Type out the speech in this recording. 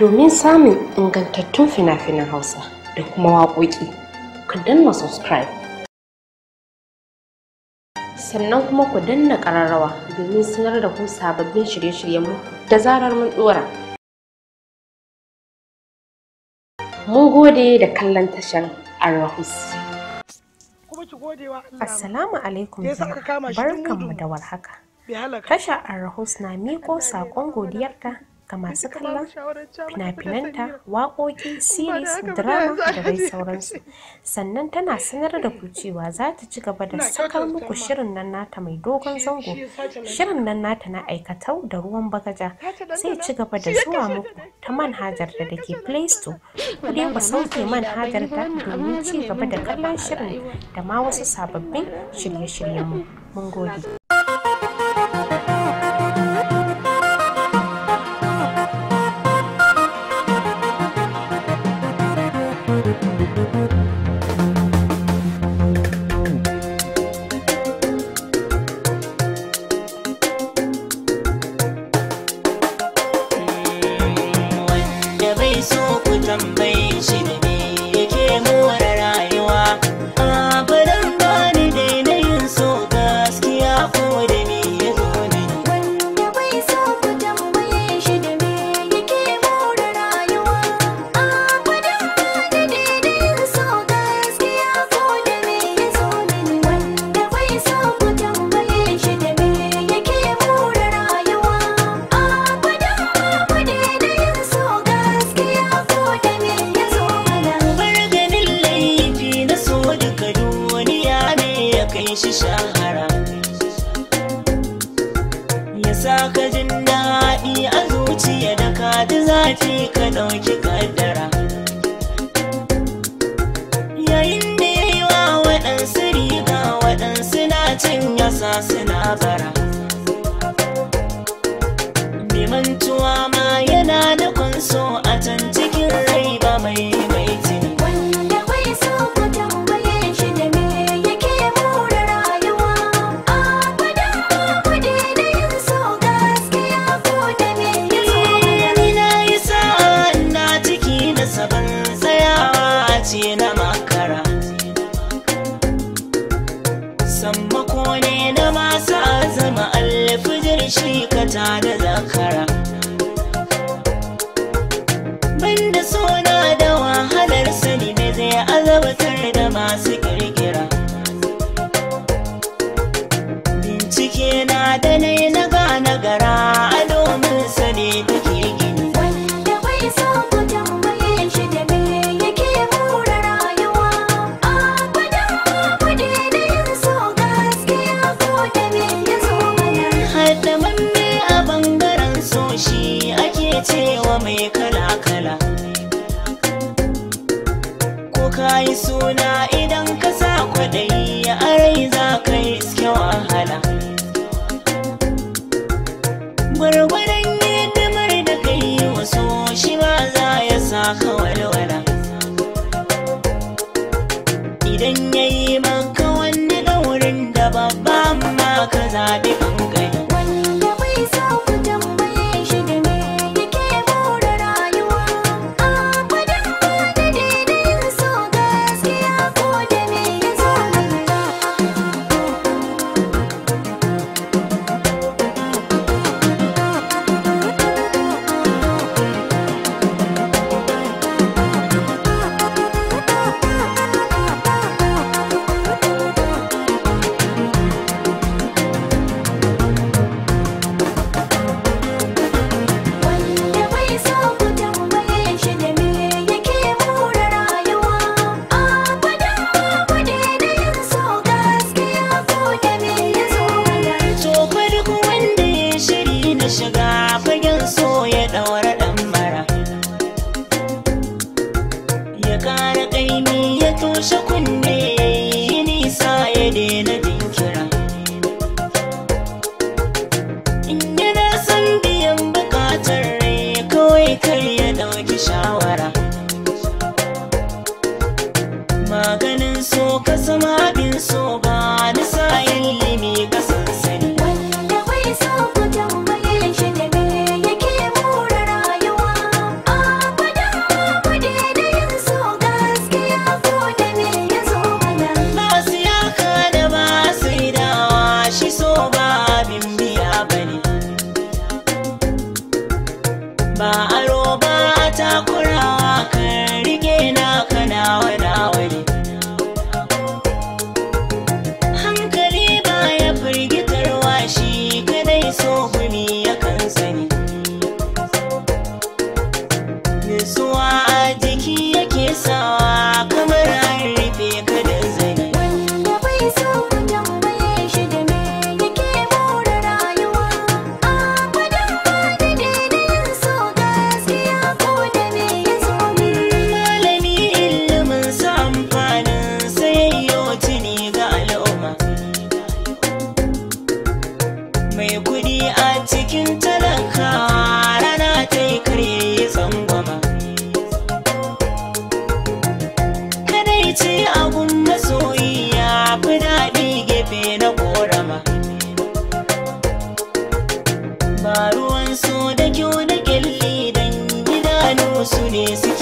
domin samun ingantattun fina-finan Hausa da kuma waƙoƙi, ku danna subscribe. Sannan kuma ku danna ƙararrawa domin sanar da ku sababbin shirye-shiryenmu da zarar mun ɗora. Mun gode da kallon tashar Arahus. Assalamu alaikum barkanmu da warhaka. Tasha Arahus na miko saƙon godiyarta kamar masu kallon fina-finanta waƙoƙi series drama da dai sauransu sannan tana sanar da ku cewa za ta ci gaba da sakar muku shirin nan nata mai dogon zango shirin nan nata na aikatau da ruwan bagaja sai ci gaba da zuwa muku ta manhajar da dake play store ku dai sauke manhajar ta domin ci gaba da kallon shirin da ma wasu sababbin shirye-shiryenmu mun gode ce ka ɗauki kaddara yayin da ya yi wa waɗansu riga waɗansu na cin yasa suna bara mai ma yana da kunso a tantance da nai na gane gara a domin sani take gini wanda bai so ku tambaye shi da me yake mura rayuwa a gudun kudi da yin so gaskiya ko da me ya zo mana hada mamme a ɓangaren so shi ake cewa mai kala kala ko kayi suna idan ka sa kwaɗayi a rai za ka yi wahala. idan sabin so ba na sayin gaisuwa Ba ruwan su da kyau da kirfi su ne suke